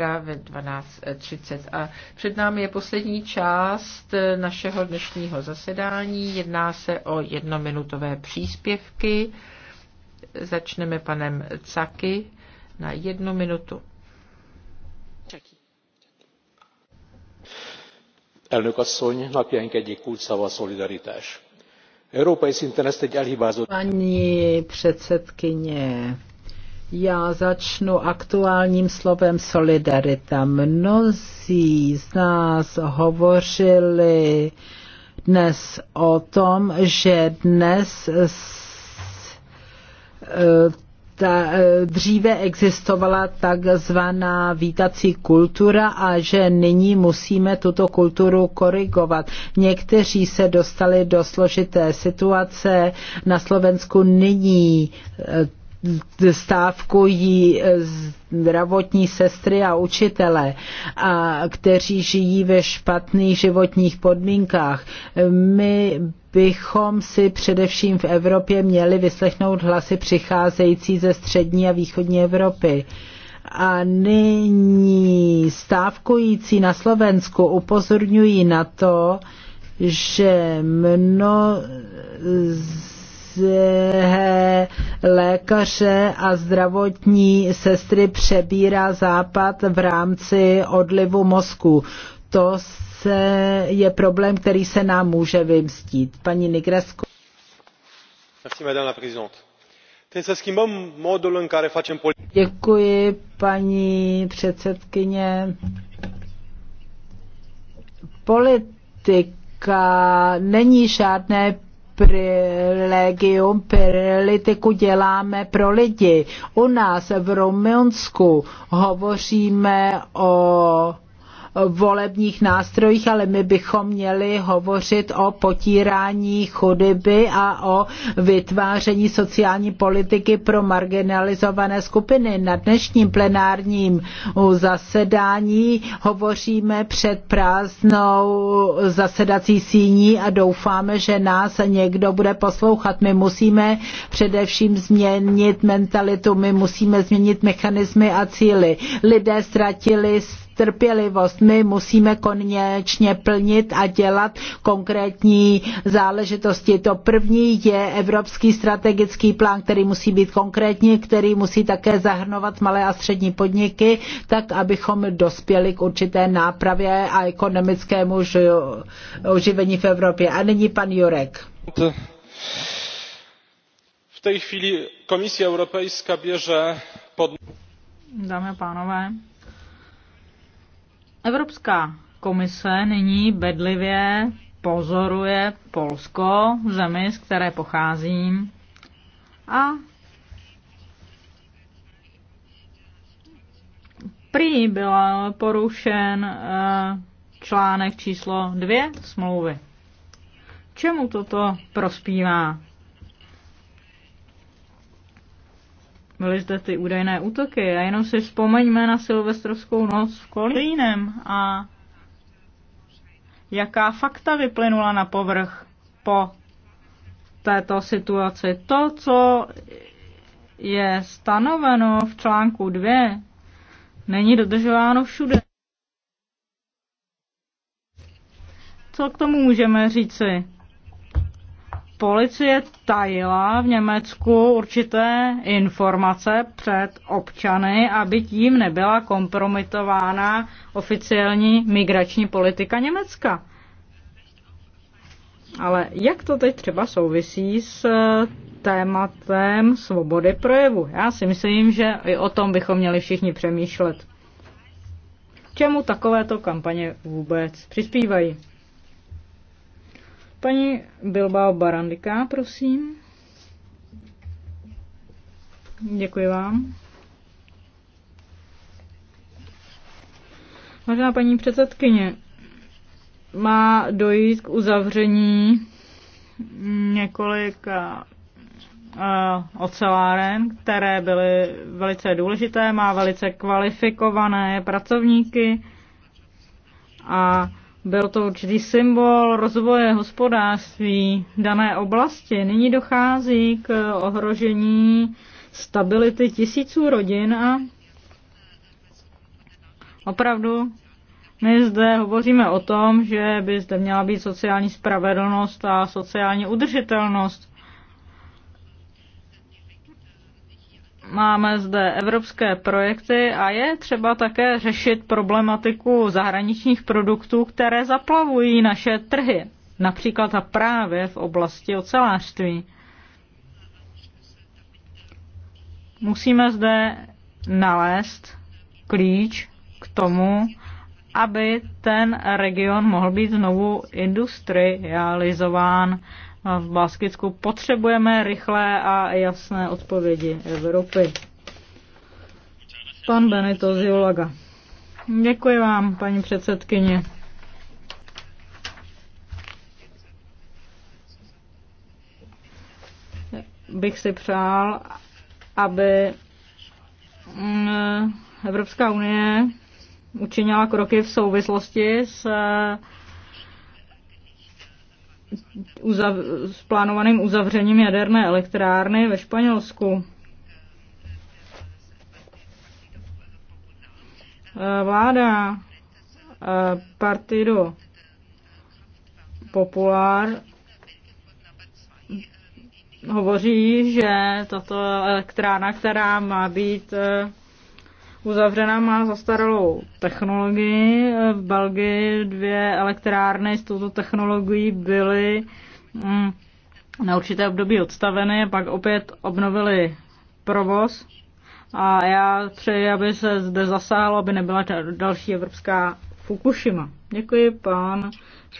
ve 12.30. A před námi je poslední část eh, našeho dnešního zasedání. Jedná se o jednominutové příspěvky. Začneme panem Caky na jednu minutu. Elnök asszony, napjaink egyik kulcsszava a szolidaritás. Európai szinten ezt egy elhibázott... Pani předsedkyně, já začnu aktuálním slovem solidarita. Mnozí z nás hovořili dnes o tom, že dnes eh, ta, eh, dříve existovala takzvaná vítací kultura a že nyní musíme tuto kulturu korigovat. Někteří se dostali do složité situace. Na Slovensku nyní eh, stávkují eh, zdravotní sestry a učitele, a kteří žijí ve špatných životních podmínkách. My bychom si především v Evropě měli vyslechnout hlasy přicházející ze střední a východní Evropy a nyní stávkující na Slovensku upozorňují na to, že mno z lékaře a zdravotní sestry přebírá Západ v rámci odlivu mozku. To se, je problém, který se nám může vymstít. Paní Nigresko. Děkuji, paní předsedkyně. politika není žádné privilegium, politiku děláme pro lidi. U nás v Rumunsku hovoříme o volebních nástrojích, ale my bychom měli hovořit o potírání chudoby a o vytváření sociální politiky pro marginalizované skupiny. Na dnešním plenárním zasedání hovoříme před prázdnou zasedací síní a doufáme, že nás někdo bude poslouchat. My musíme především změnit mentalitu, my musíme změnit mechanismy a cíly. Lidé ztratili trpělivost. My musíme konečně plnit a dělat konkrétní záležitosti. To první je Evropský strategický plán, který musí být konkrétní, který musí také zahrnovat malé a střední podniky, tak abychom dospěli k určité nápravě a ekonomickému oživení v Evropě. A nyní pan Jurek. V té chvíli Komise Evropská běže pod... Dámy a pánové, Evropská komise nyní bedlivě pozoruje Polsko, zemi, z které pocházím, a prý byl porušen eh, článek číslo 2 smlouvy. Čemu toto prospívá? byly zde ty údajné útoky. A jenom si vzpomeňme na silvestrovskou noc v Kolínem a jaká fakta vyplynula na povrch po této situaci. To, co je stanoveno v článku 2, není dodržováno všude. Co k tomu můžeme říci? policie tajila v Německu určité informace před občany, aby tím nebyla kompromitována oficiální migrační politika Německa. Ale jak to teď třeba souvisí s eh, tématem svobody projevu? Já si myslím, že i o tom bychom měli všichni přemýšlet. K čemu takovéto kampaně vůbec přispívají? Paní Bilbao Barandika, prosím. Děkuji vám. Vážená paní předsedkyně, má dojít k uzavření několika eh, oceláren, které byly velice důležité, má velice kvalifikované pracovníky a byl to určitý symbol rozvoje hospodářství dané oblasti. Nyní dochází k ohrožení stability tisíců rodin a opravdu my zde hovoříme o tom, že by zde měla být sociální spravedlnost a sociální udržitelnost. máme zde evropské projekty a je třeba také řešit problematiku zahraničních produktů, které zaplavují naše trhy, například a právě v oblasti ocelářství. Musíme zde nalézt klíč k tomu, aby ten region mohl být znovu industrializován a v Baskicku potřebujeme rychlé a jasné odpovědi Evropy. Pan Benito Ziolaga. Děkuji vám, paní předsedkyně. Bych si přál, aby mm, Evropská unie učinila kroky v souvislosti s uzav, s plánovaným uzavřením jaderné elektrárny ve Španělsku. Eh, vláda eh, Partido Popular hovoří, že tato elektrárna, která má být eh, uzavřena, má zastaralou technologii. V Belgii dvě elektrárny s touto technologií byly mm, na určité období odstaveny, pak opět obnovili provoz. A já přeji, aby se zde zasáhlo, aby nebyla další evropská Fukushima. Děkuji, pán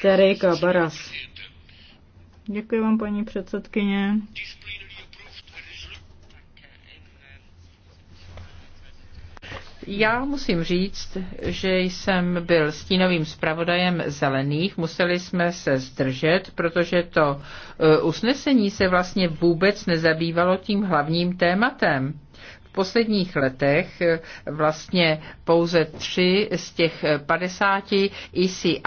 Terry Kabaras. Děkuji vám, paní předsedkyně. Já musím říct, že jsem byl stínovým zpravodajem zelených, museli jsme se zdržet, protože to e, usnesení se vlastně vůbec nezabývalo tím hlavním tématem posledních letech eh, vlastně pouze tři z těch 50 ECI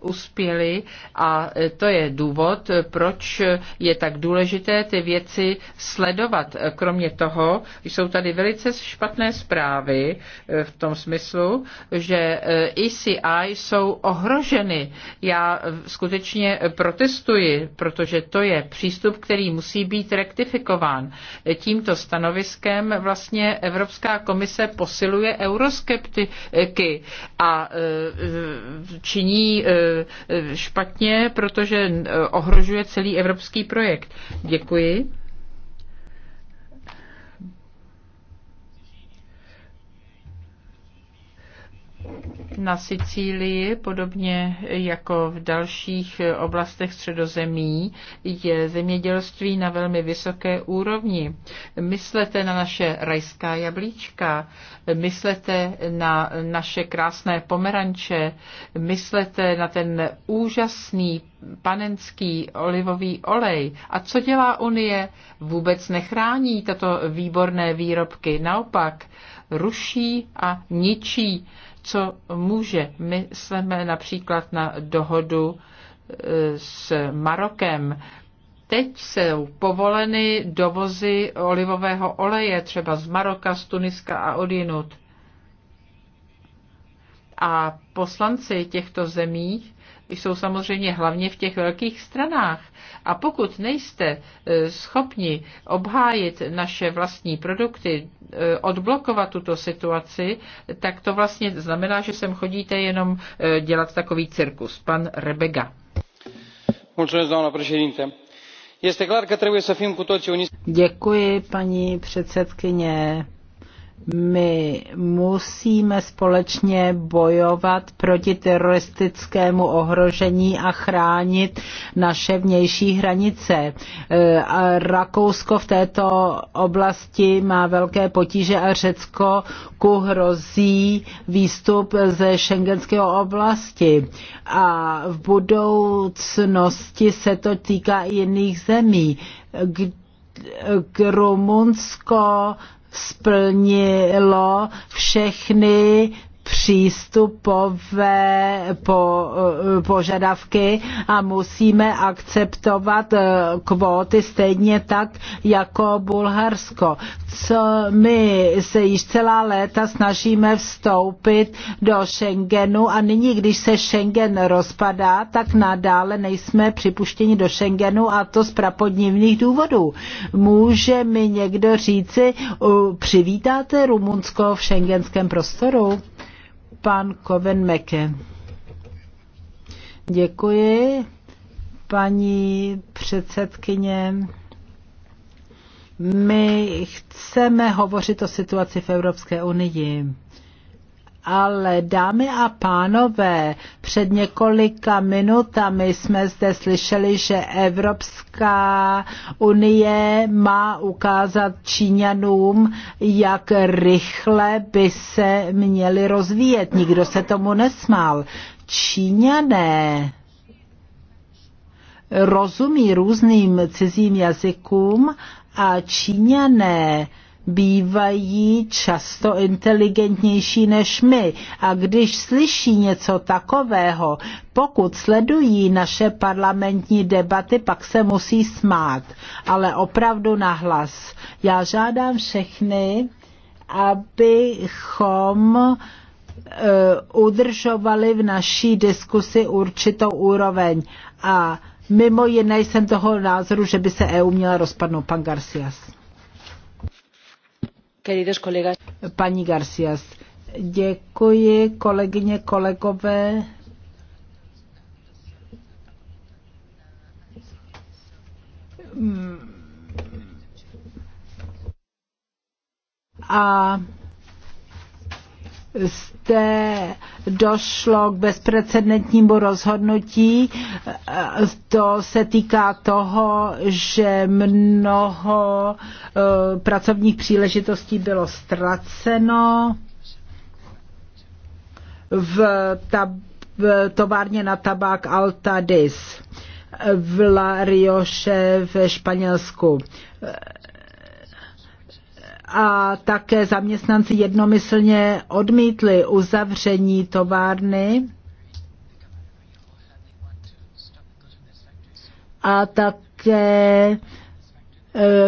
uspěly a eh, to je důvod, eh, proč je tak důležité ty věci sledovat. Kromě toho jsou tady velice špatné zprávy v tom smyslu, že ECI e jsou ohroženy. Já skutečně protestuji, protože to je přístup, který musí být rektifikován. Tímto stanoviskem vlastně vlastně Evropská komise posiluje euroskeptiky a e, e, činí e, špatně, protože ohrožuje celý evropský projekt. Děkuji. na Sicílii, podobně jako v dalších oblastech středozemí, je zemědělství na velmi vysoké úrovni. Myslete na naše rajská jablíčka, myslete na naše krásné pomeranče, myslete na ten úžasný panenský olivový olej. A co dělá Unie? Vůbec nechrání tato výborné výrobky. Naopak, ruší a ničí co může. My jsme například na dohodu e, s Marokem. Teď jsou povoleny dovozy olivového oleje třeba z Maroka, z Tuniska a odinut. A poslanci těchto zemích jsou samozřejmě hlavně v těch velkých stranách. A pokud nejste e, schopni obhájit naše vlastní produkty, e, odblokovat tuto situaci, tak to vlastně znamená, že sem chodíte jenom e, dělat takový cirkus. Pan Rebega. Děkuji, paní předsedkyně my musíme společně bojovat proti teroristickému ohrožení a chránit naše vnější hranice. E, a Rakousko v této oblasti má velké potíže a Řecko ku hrozí výstup ze šengenského oblasti. A v budoucnosti se to týká i jiných zemí. K Rumunsko splnilo všechny přístupové po, eh, požadavky a musíme akceptovat eh, kvóty stejně tak jako Bulharsko. Co my se již celá léta snažíme vstoupit do Schengenu a nyní, když se Schengen rozpadá, tak nadále nejsme připuštěni do Schengenu a to z prapodivných důvodů. Může mi někdo říci, eh, přivítáte Rumunsko v šengenském prostoru? pan Koven Meke. Děkuji, paní předsedkyně. My chceme hovořit o situaci v Evropské unii. Ale dámy a pánové, před několika minutami jsme zde slyšeli, že Evropská unie má ukázat Číňanům, jak rychle by se měli rozvíjet. Nikdo se tomu nesmál. Číňané rozumí různým cizím jazykům a Číňané bývají často inteligentnější než my. A když slyší něco takového, pokud sledují naše parlamentní debaty, pak se musí smát, ale opravdu nahlas. Já žádám všechny, abychom eh, udržovali v naší diskusi určitou úroveň. A mimo jiné jsem toho názoru, že by se EU měla rozpadnout. Pan Garcias queridos colegas. Paní Garcias, děkuji kolegyně, kolegové. Mm. A jste došlo k bezprecedentnímu rozhodnutí. To se týká toho, že mnoho eh, pracovních příležitostí bylo ztraceno v, v továrně na tabák Altadis v La Rioche ve Španělsku a také zaměstnanci jednomyslně odmítli uzavření továrny a také e,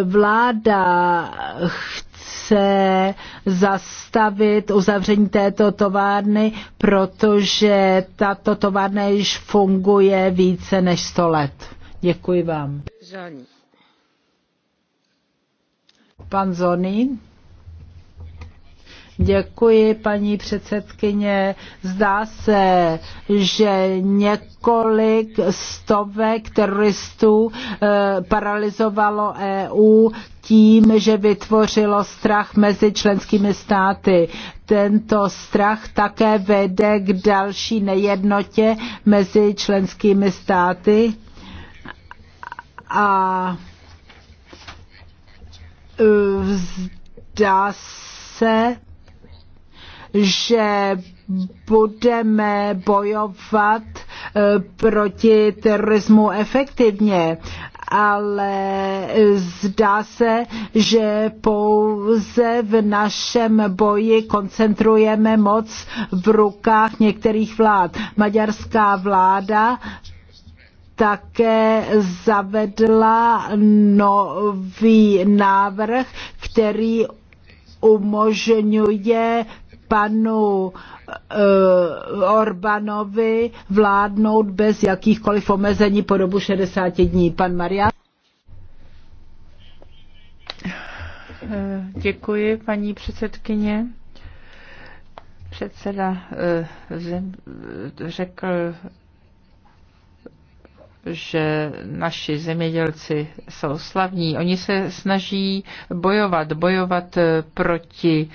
vláda chce zastavit uzavření této továrny, protože tato továrna již funguje více než 100 let. Děkuji vám. Žádný. Pan Zonin. Děkuji, paní předsedkyně. Zdá se, že několik stovek teroristů eh, paralizovalo EU tím, že vytvořilo strach mezi členskými státy. Tento strach také vede k další nejednotě mezi členskými státy. A vzdá se, že budeme bojovat eh, proti terorismu efektivně, ale zdá se, že pouze v našem boji koncentrujeme moc v rukách některých vlád. Maďarská vláda také zavedla nový návrh, který umožňuje panu eh, Orbanovi vládnout bez jakýchkoliv omezení po dobu 60 dní. Pan Maria. Eh, děkuji, paní předsedkyně. Předseda eh, řekl že naši zemědělci jsou slavní. Oni se snaží bojovat, bojovat eh, proti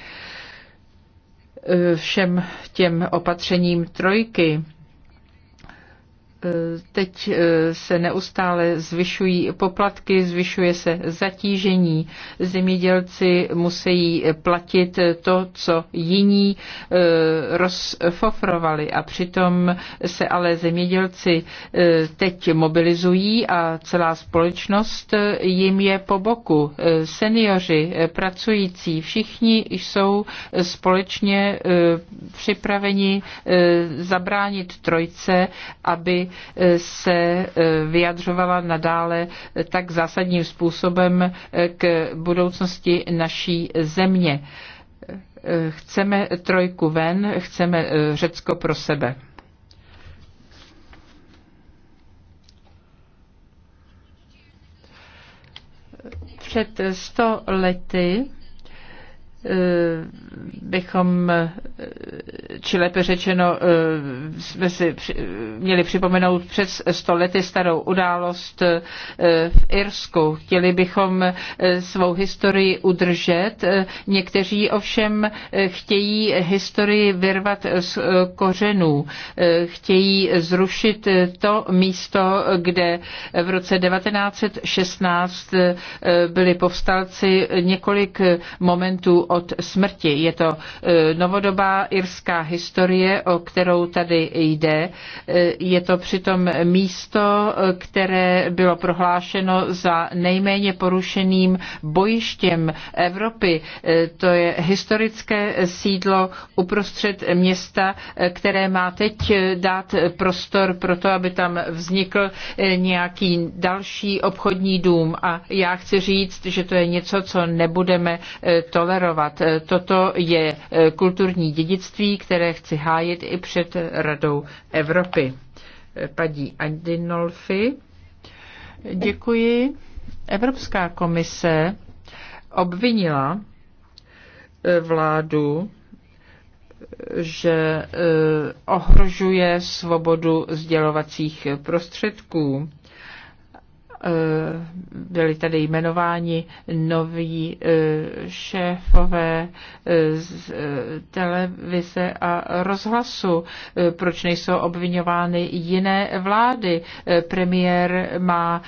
eh, všem těm opatřením trojky Teď eh, se neustále zvyšují poplatky, zvyšuje se zatížení. Zemědělci musí platit to, co jiní eh, rozfofrovali. A přitom se ale zemědělci eh, teď mobilizují a celá společnost jim je po boku. Seniori, pracující, všichni jsou společně připraveni zabránit trojce, aby se eh, vyjadřovala nadále eh, tak zásadním způsobem eh, k budoucnosti naší země. Chceme trojku ven, chceme Řecko pro sebe. Před sto lety Eh, bychom, eh, či lépe řečeno, eh, jsme si měli připomenout před stolety starou událost v Irsku. Chtěli bychom svou historii udržet. Někteří ovšem chtějí historii vyrvat z kořenů. Chtějí zrušit to místo, kde v roce 1916 byli povstalci několik momentů od smrti. Je to e, novodobá irská historie, o kterou tady jde. E, je to přitom místo, které bylo prohlášeno za nejméně porušeným bojištěm Evropy. E, to je historické sídlo uprostřed města, které má teď dát prostor pro to, aby tam vznikl nějaký další obchodní dům. A já chci říct, že to je něco, co nebudeme tolerovat podporovat. Toto je eh, kulturní dědictví, které chci hájit i před Radou Evropy. Eh, Padí Andinolfi. Děkuji. Evropská komise obvinila eh, vládu, že ohrožuje svobodu sdělovacích prostředků Eh, byli tady jmenováni noví eh, šéfové eh, z televize a rozhlasu. Proč nejsou obvinovány jiné vlády? Premiér má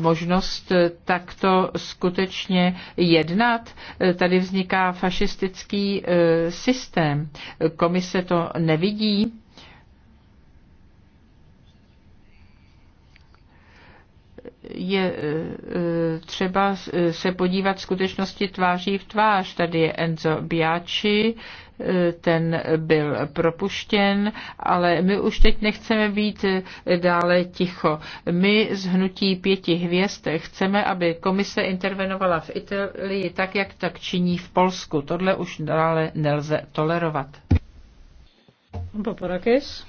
možnost takto skutečně jednat. Tady vzniká fašistický systém. Komise to nevidí je e, e, třeba e, se podívat skutečnosti tváří v tvář. Tady je Enzo Biaci, ten byl propuštěn, ale my už teď nechceme být dále ticho. My z hnutí pěti hvězd chceme, aby komise intervenovala v Itálii tak, jak tak činí v Polsku. Tohle už dále nelze tolerovat. Paparakis.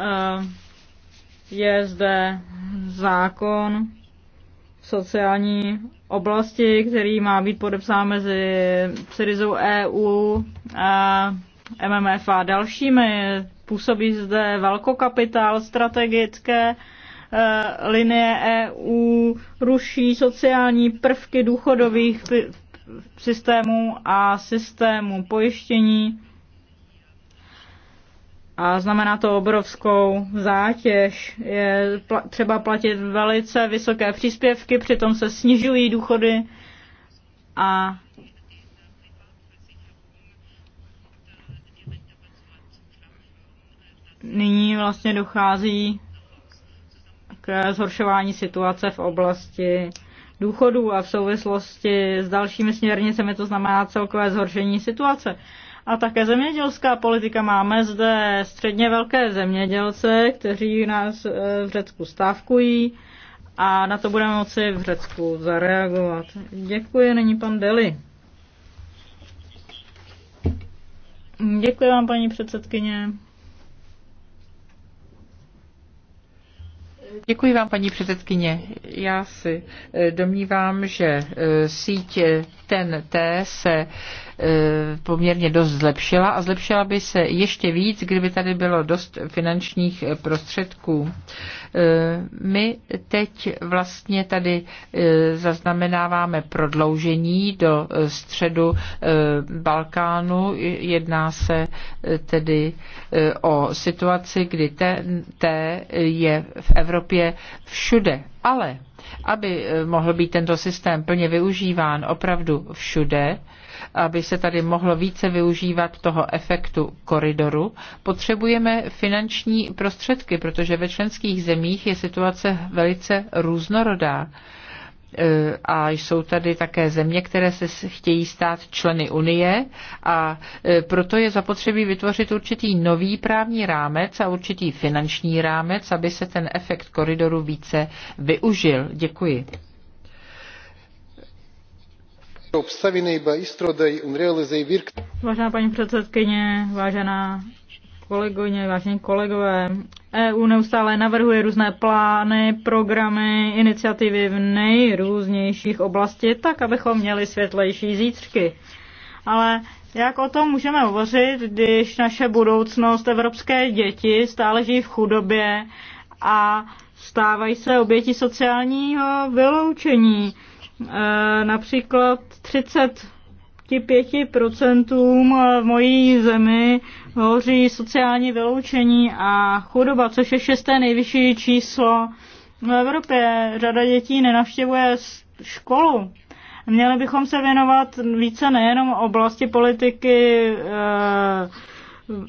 Eh, je zde zákon v sociální oblasti, který má být podepsán mezi Syrizou EU a MMF a dalšími. Působí zde velkokapitál, strategické eh, linie EU, ruší sociální prvky důchodových systémů a systémů pojištění a znamená to obrovskou zátěž. Je pla- třeba platit velice vysoké příspěvky, přitom se snižují důchody a nyní vlastně dochází k zhoršování situace v oblasti důchodů a v souvislosti s dalšími směrnicemi to znamená celkové zhoršení situace. A také zemědělská politika. Máme zde středně velké zemědělce, kteří nás eh, v Řecku stávkují a na to budeme moci v Řecku zareagovat. Děkuji, není pan Deli. Děkuji vám, paní předsedkyně. Děkuji vám, paní předsedkyně. Já si eh, domnívám, že eh, síť TNT se Eh, poměrně dost zlepšila a zlepšila by se ještě víc, kdyby tady bylo dost finančních eh, prostředků. Eh, my teď vlastně tady zaznamenáváme prodloužení do středu Balkánu. Jedná se tedy o situaci, kdy té je v Evropě všude. Ale aby eh, mohl být tento systém plně využíván opravdu všude, aby se tady mohlo více využívat toho efektu koridoru, potřebujeme finanční prostředky, protože ve členských zemích je situace velice různorodá. E, a jsou tady také země, které se chtějí stát členy Unie a e, proto je zapotřebí vytvořit určitý nový právní rámec a určitý finanční rámec, aby se ten efekt koridoru více využil. Děkuji. Vážená paní předsedkyně, vážená kolegyně, vážení kolegové, EU neustále navrhuje různé plány, programy, iniciativy v nejrůznějších oblasti, tak abychom měli světlejší zítřky. Ale jak o tom můžeme hovořit, když naše budoucnost evropské děti stále žijí v chudobě a stávají se oběti sociálního vyloučení? E, například 30 25% eh, v mojí zemi hoří sociální vyloučení a chudoba, což je šesté nejvyšší číslo v Evropě. Řada dětí nenavštěvuje školu. Měli bychom se věnovat více nejenom oblasti politiky eh,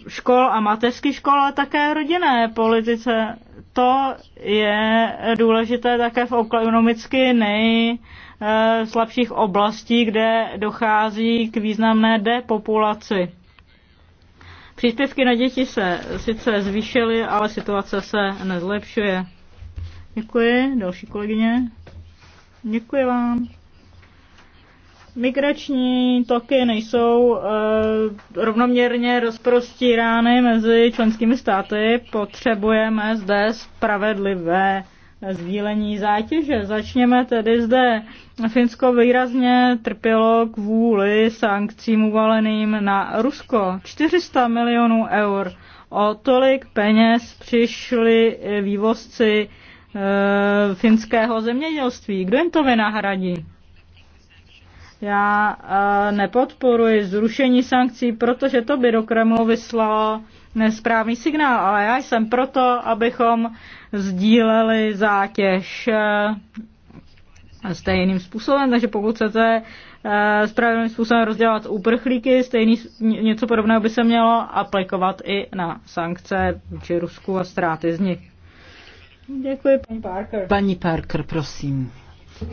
škol a mateřských škol, ale také rodinné politice. To je důležité také v ekonomicky nej slabších eh, oblastí, kde dochází k významné depopulaci. Příspěvky na děti se sice zvýšily, ale situace se nezlepšuje. Děkuji, další kolegyně. Děkuji vám. Migrační toky nejsou e, rovnoměrně rozprostírány mezi členskými státy. Potřebujeme zde spravedlivé sdílení zátěže. Začněme tedy zde. Finsko výrazně trpělo kvůli sankcím uvaleným na Rusko. 400 milionů eur. O tolik peněz přišli vývozci e, finského zemědělství. Kdo jim to vynahradí? Já e, nepodporuji zrušení sankcí, protože to by do Kremlu vyslalo nesprávný signál, ale já jsem proto, abychom sdíleli zátěž eh, stejným způsobem, takže pokud chcete eh, správným způsobem rozdělat uprchlíky, stejný, něco podobného by se mělo aplikovat i na sankce vůči Rusku a ztráty z nich. Děkuji, paní Parker. Paní Parker, prosím.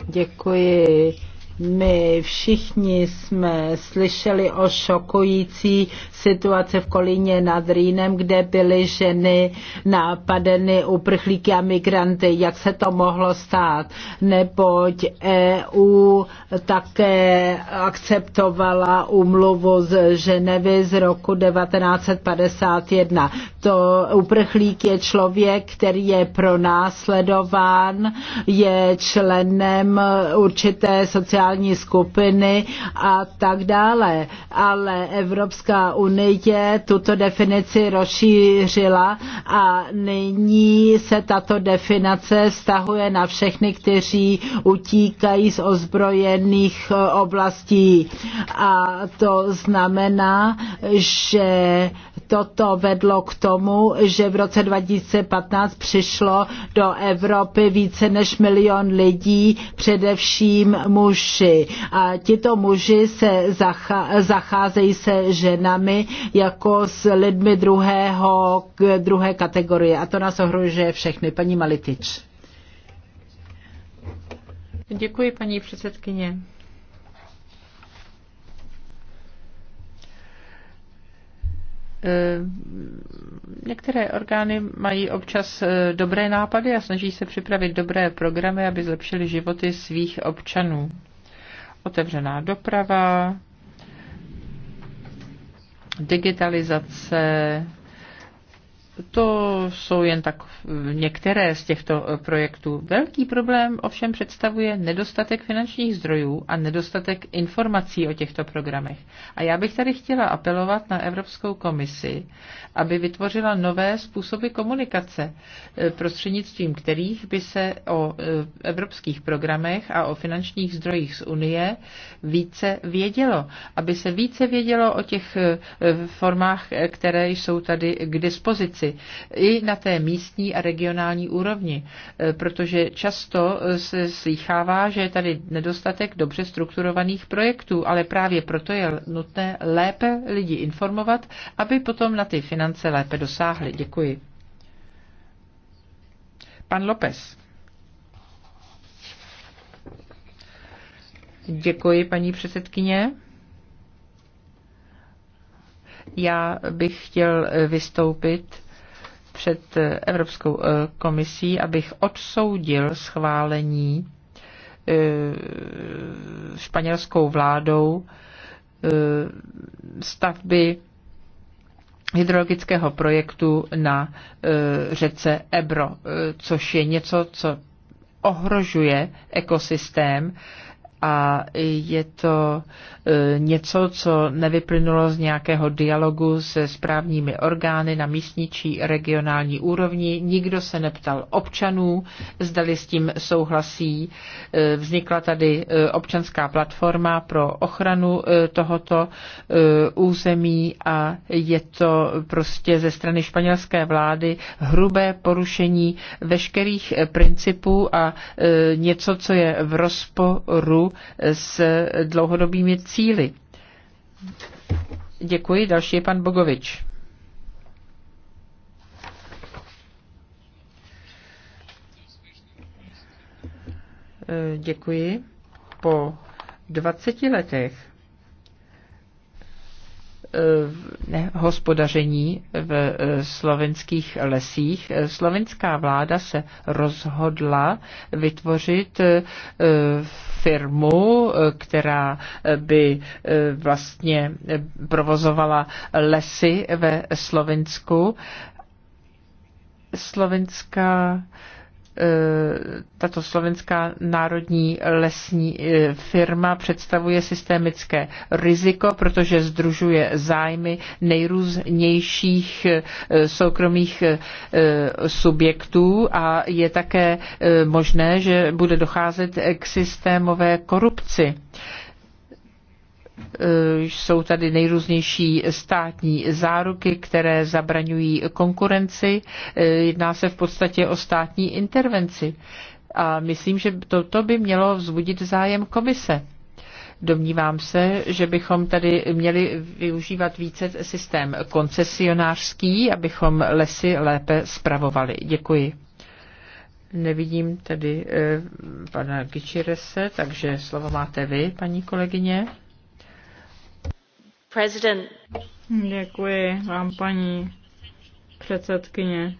Děkuji. My všichni jsme slyšeli o šokující situaci v Kolíně nad Rýnem, kde byly ženy napadeny uprchlíky a migranty. Jak se to mohlo stát? Neboť EU také akceptovala umluvu z Ženevy z roku 1951. To uprchlík je člověk, který je pronásledován, je členem určité sociální sociální skupiny a tak dále. Ale Evropská unie tuto definici rozšířila a nyní se tato definice vztahuje na všechny, kteří utíkají z ozbrojených eh, oblastí. A to znamená, že toto vedlo k tomu, že v roce 2015 přišlo do Evropy více než milion lidí, především muži. A tito muži se zachá, zacházejí se ženami jako s lidmi druhého, druhé kategorie. A to nás ohrožuje všechny. Paní Malitič. Děkuji, paní předsedkyně. Eh, některé orgány mají občas eh, dobré nápady a snaží se připravit dobré programy, aby zlepšili životy svých občanů. Otevřená doprava, digitalizace, to jsou jen tak některé z těchto eh, projektů. Velký problém ovšem představuje nedostatek finančních zdrojů a nedostatek informací o těchto programech. A já bych tady chtěla apelovat na Evropskou komisi, aby vytvořila nové způsoby komunikace, eh, prostřednictvím kterých by se o eh, evropských programech a o finančních zdrojích z Unie více vědělo. Aby se více vědělo o těch formách, které jsou tady k dispozici práci i na té místní a regionální úrovni, e, protože často e, se slýchává, že je tady nedostatek dobře strukturovaných projektů, ale právě proto je nutné lépe lidi informovat, aby potom na ty finance lépe dosáhli. Děkuji. Pan Lopez. Děkuji, paní předsedkyně. Já bych chtěl vystoupit před eh, Evropskou eh, komisí, abych odsoudil schválení eh, španělskou vládou stavby hydrologického projektu na řece Ebro, což je něco, co ohrožuje ekosystém a je to e, něco, co nevyplynulo z nějakého dialogu se správními orgány na místní či regionální úrovni. Nikdo se neptal občanů, zdali s tím souhlasí. E, vznikla tady e, občanská platforma pro ochranu tohoto území a je to prostě ze strany španělské vlády hrubé porušení veškerých principů a něco, co je v rozporu s dlouhodobými cíly. Děkuji. Další je pan Bogovič. Děkuji. Po 20 letech hospodaření v eh, slovenských lesích. Eh, slovenská vláda se rozhodla vytvořit eh, firmu, která by vlastně provozovala lesy ve Slovensku. Slovenská Eh, tato slovenská národní lesní eh, firma představuje systémické riziko, protože združuje zájmy nejrůznějších eh, soukromých subjektů a je také možné, že bude docházet k systémové korupci. Eh, jsou tady nejrůznější státní záruky, které zabraňují konkurenci. Eh, jedná se v podstatě o státní intervenci. A myslím, že toto by mělo vzbudit zájem komise. Domnívám se, že bychom tady měli využívat více systém koncesionářský, abychom lesy lépe spravovali. Děkuji. Nevidím tedy e, pana Gičirese, takže slovo máte vy, paní kolegyně. President. Děkuji vám, paní předsedkyně.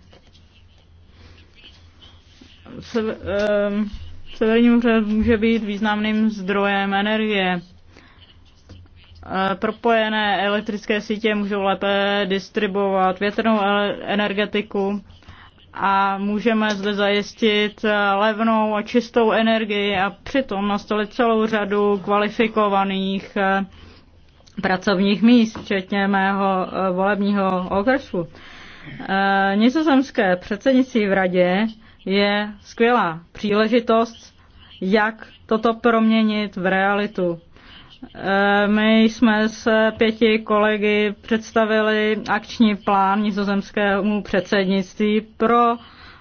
Ehm, Severní moře může být významným zdrojem energie. E, propojené elektrické sítě můžou lépe distribuovat větrnou energetiku a můžeme zde zajistit levnou a čistou energii a přitom nastolit celou řadu kvalifikovaných e, pracovních míst, včetně mého eh, volebního okresu. Eh, nizozemské předsednictví v radě je skvělá příležitost, jak toto proměnit v realitu. Eh, my jsme s pěti kolegy představili akční plán nizozemskému předsednictví pro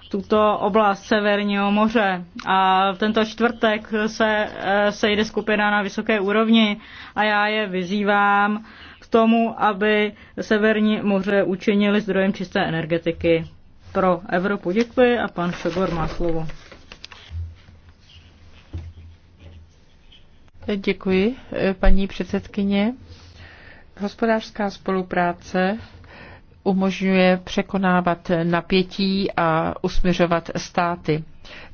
tuto oblast Severního moře. A tento čtvrtek se eh, sejde skupina na vysoké úrovni a já je vyzývám k tomu, aby Severní moře učinili zdrojem čisté energetiky pro Evropu. Děkuji a pan Šogor má slovo. Děkuji, paní předsedkyně. Hospodářská spolupráce umožňuje překonávat napětí a usměřovat státy.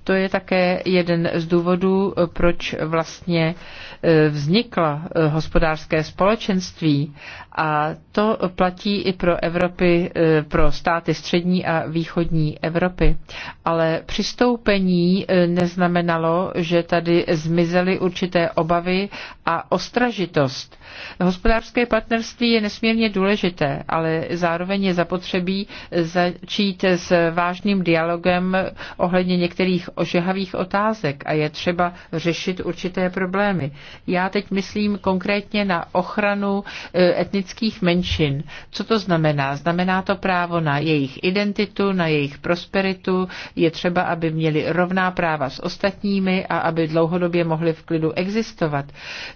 To je také jeden z důvodů, proč vlastně e, vznikla e, hospodářské společenství a to platí i pro Evropy, e, pro státy střední a východní Evropy. Ale přistoupení neznamenalo, že tady zmizely určité obavy a ostražitost. Hospodářské partnerství je nesmírně důležité, ale zároveň je zapotřebí začít s vážným dialogem ohledně některých ožehavých otázek a je třeba řešit určité problémy. Já teď myslím konkrétně na ochranu eh, etnických menšin. Co to znamená? Znamená to právo na jejich identitu, na jejich prosperitu, je třeba, aby měli rovná práva s ostatními a aby dlouhodobě mohli v klidu existovat.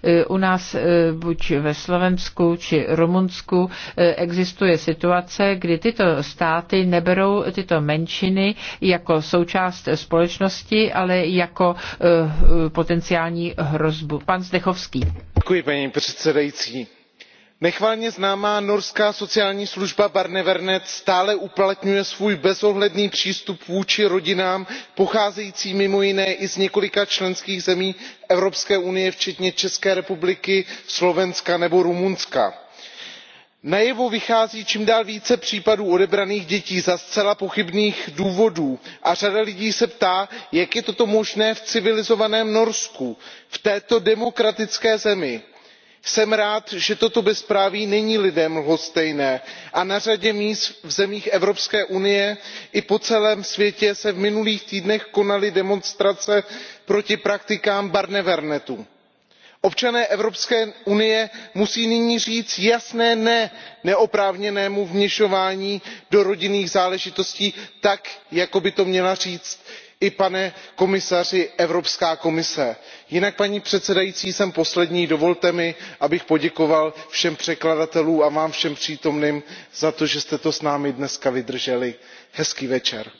Eh, u nás eh, buď ve Slovensku či Rumunsku, e, existuje situace, kdy tyto státy neberou tyto menšiny jako součást společnosti, ale jako e, e, potenciální hrozbu. Pan Zdechovský. Děkuji, paní předsedající nechvalně známá norská sociální služba barnevernet stále uplatňuje svůj bezohledný přístup vůči rodinám pocházejícím mimo jiné i z několika členských zemí evropské unie včetně české republiky slovenska nebo rumunska. najevo vychází čím dál více případů odebraných dětí za zcela pochybných důvodů a řada lidí se ptá jak je toto možné v civilizovaném norsku v této demokratické zemi? jsem rád že toto bezpráví není lidem lhostejné a na řadě míst v zemích evropské unie i po celém světě se v minulých týdnech konaly demonstrace proti praktikám barnevernetu. občané evropské unie musí nyní říct jasné ne neoprávněnému vměšování do rodinných záležitostí tak jako by to měla říct i pane komisaři evropská komise. jinak paní předsedající jsem poslední dovolte mi abych poděkoval všem překladatelům a vám všem přítomným za to že jste to s námi dneska vydrželi. hezký večer.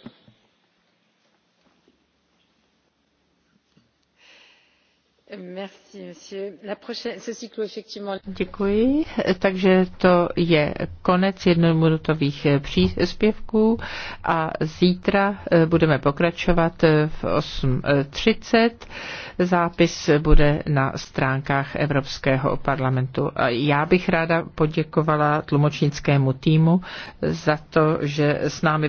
Děkuji. Takže to je konec jednominutových eh, příspěvků a zítra eh, budeme pokračovat eh, v 8.30. Zápis bude na stránkách Evropského parlamentu. Já bych ráda poděkovala tlumočnickému týmu za to, že s námi